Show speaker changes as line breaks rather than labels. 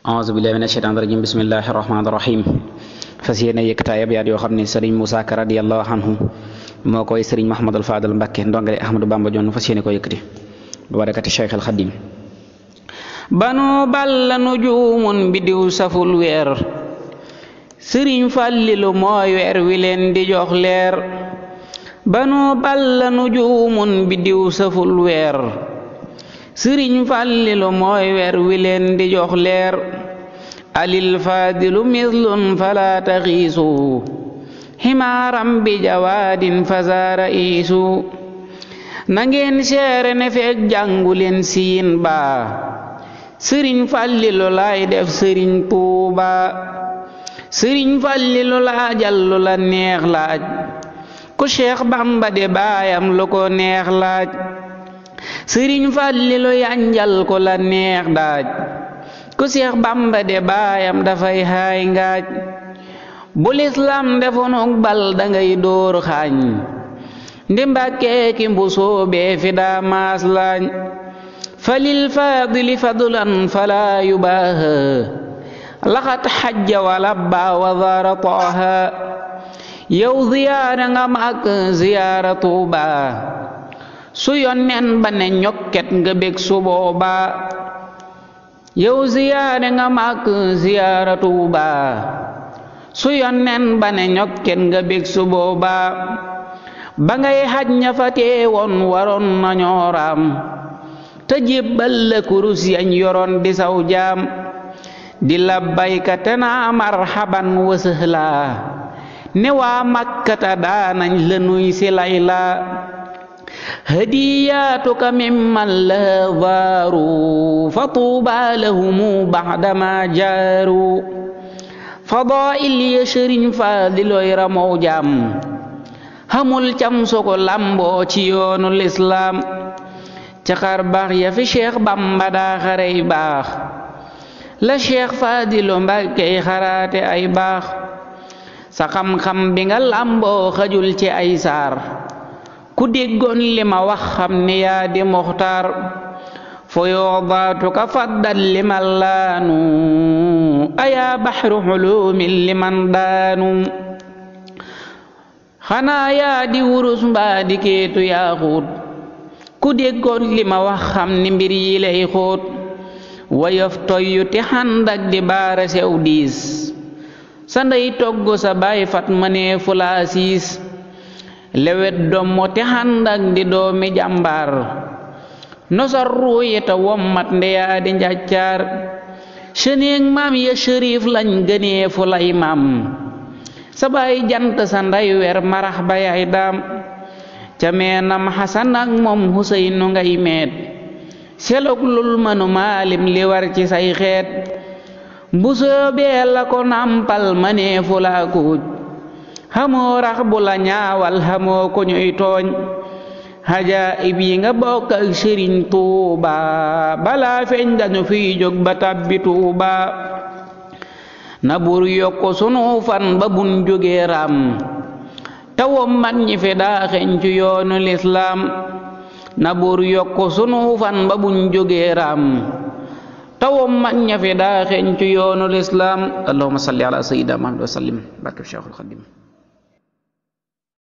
auzu billahi mina shaytaani rajim bismillahi rahmaani yéene yëkkataay ab yaat yoo xam ne sëriñ Moussa Ka anhu moo koy sëriñ Mahamadul Fadal Mbàkke ndongale Ahmadou Bamba Jonn fas yéene ko yëkkati babarakati Cheikh al banu balla nujuumun bidiw saful weer sëriñ Fàllilu mooy weer wi leen di jox banu balla nujuumun bidiw saful weer sëriñ fàllilu mooy weer wi leen di jox leer alil faadilu falaata fala taxiisu ximaaram bi jawaadin fasaara iisu na ngeen seere ne feeg jàngu leen siin baa sëriñ fàllilu laay def sëriñ tuuba sëriñ fàllilu laajal lu la neex laaj ku cheikh bamba de baayam lu ko neex laaj sëriñ Fallilu yanjal ku neex daaj ku Seex Bamba de baayam dafay haay ngaaj bu lislaam defunuk bal dangay dóor xaañ ndi Mbàkke ki mbusoo bee fi daa laañ falil faadili fadlan falaa yubaaha laxat xajja wala baa wazara tooha yow ziyaara nga ak ziyaara Tuubaa su yonneen ba ne ñokket nga bég su boobaa yow ziyaare nga màkk ziyaara tuubaa su yonneen ba ne ñokket nga bég su boobaa ba ngay xaj ña fa teewoon waroon nañoo raam te jébbal la kurus yañ yoroon di saw jaam di labbayka te naa marxaban wa sëhlaa ne waa makkata daanañ la nuy si hadiyatuka mimman la waaru fa tuuba lahumu baxdama jaaru fadail ya sëriñ faadiloy ramow jaam xamul cam ko làmboo ci yoonul islaam caxar baax ya fi cheikh bamba daa xarey baax la cheikh faadilo mbàkkey xaraate ay baax sa xam-xam bi nga làmboo xajul ci ay saar ku déggoon li ma wax xam ne yaa muxtaar fu yoodaatuka faddal li laanu ayaa baxru xulumin li daanu xanaa yaa wurus mbaa di keetu yaa ku déggoon li wax xam ni mbir yi lay xóot wayof toyyu ti xandak di baara sew diis sa ndey togg sa baay fat ma ne fu laasiis lewet dommote handak ndi doomi jàmbaar nosar ruuyita wommat ndeyaadi njaccaar sëneeg maam ya shérif lañ gënee lay maam sabaay jant sa nday wer marax ba yaay daam ca meenam xasan ak moom xuseynu ngay meet selog lul manu maalim li war ci say xeet mbusoo bee la ko nàmpal ma laa kuuj xamoo rax bu la ñaawal xamoo ko ñuy tooñ xajaayib yi nga bokk ak sëriñ tuuba balaa feeñ dañu fiy jóg ba tàbbi na bur yokk sunu fan ba bun jógee raam tawam mat ñi fi daa xeeñ ci yoonu lislaam na bur yokk sunu fan ba buñ jógee raam tawam mat fi daa xeeñ ci yoonu lislaam allahumma salli ala sayyidina muhammad wa sallim barkeb cheikhul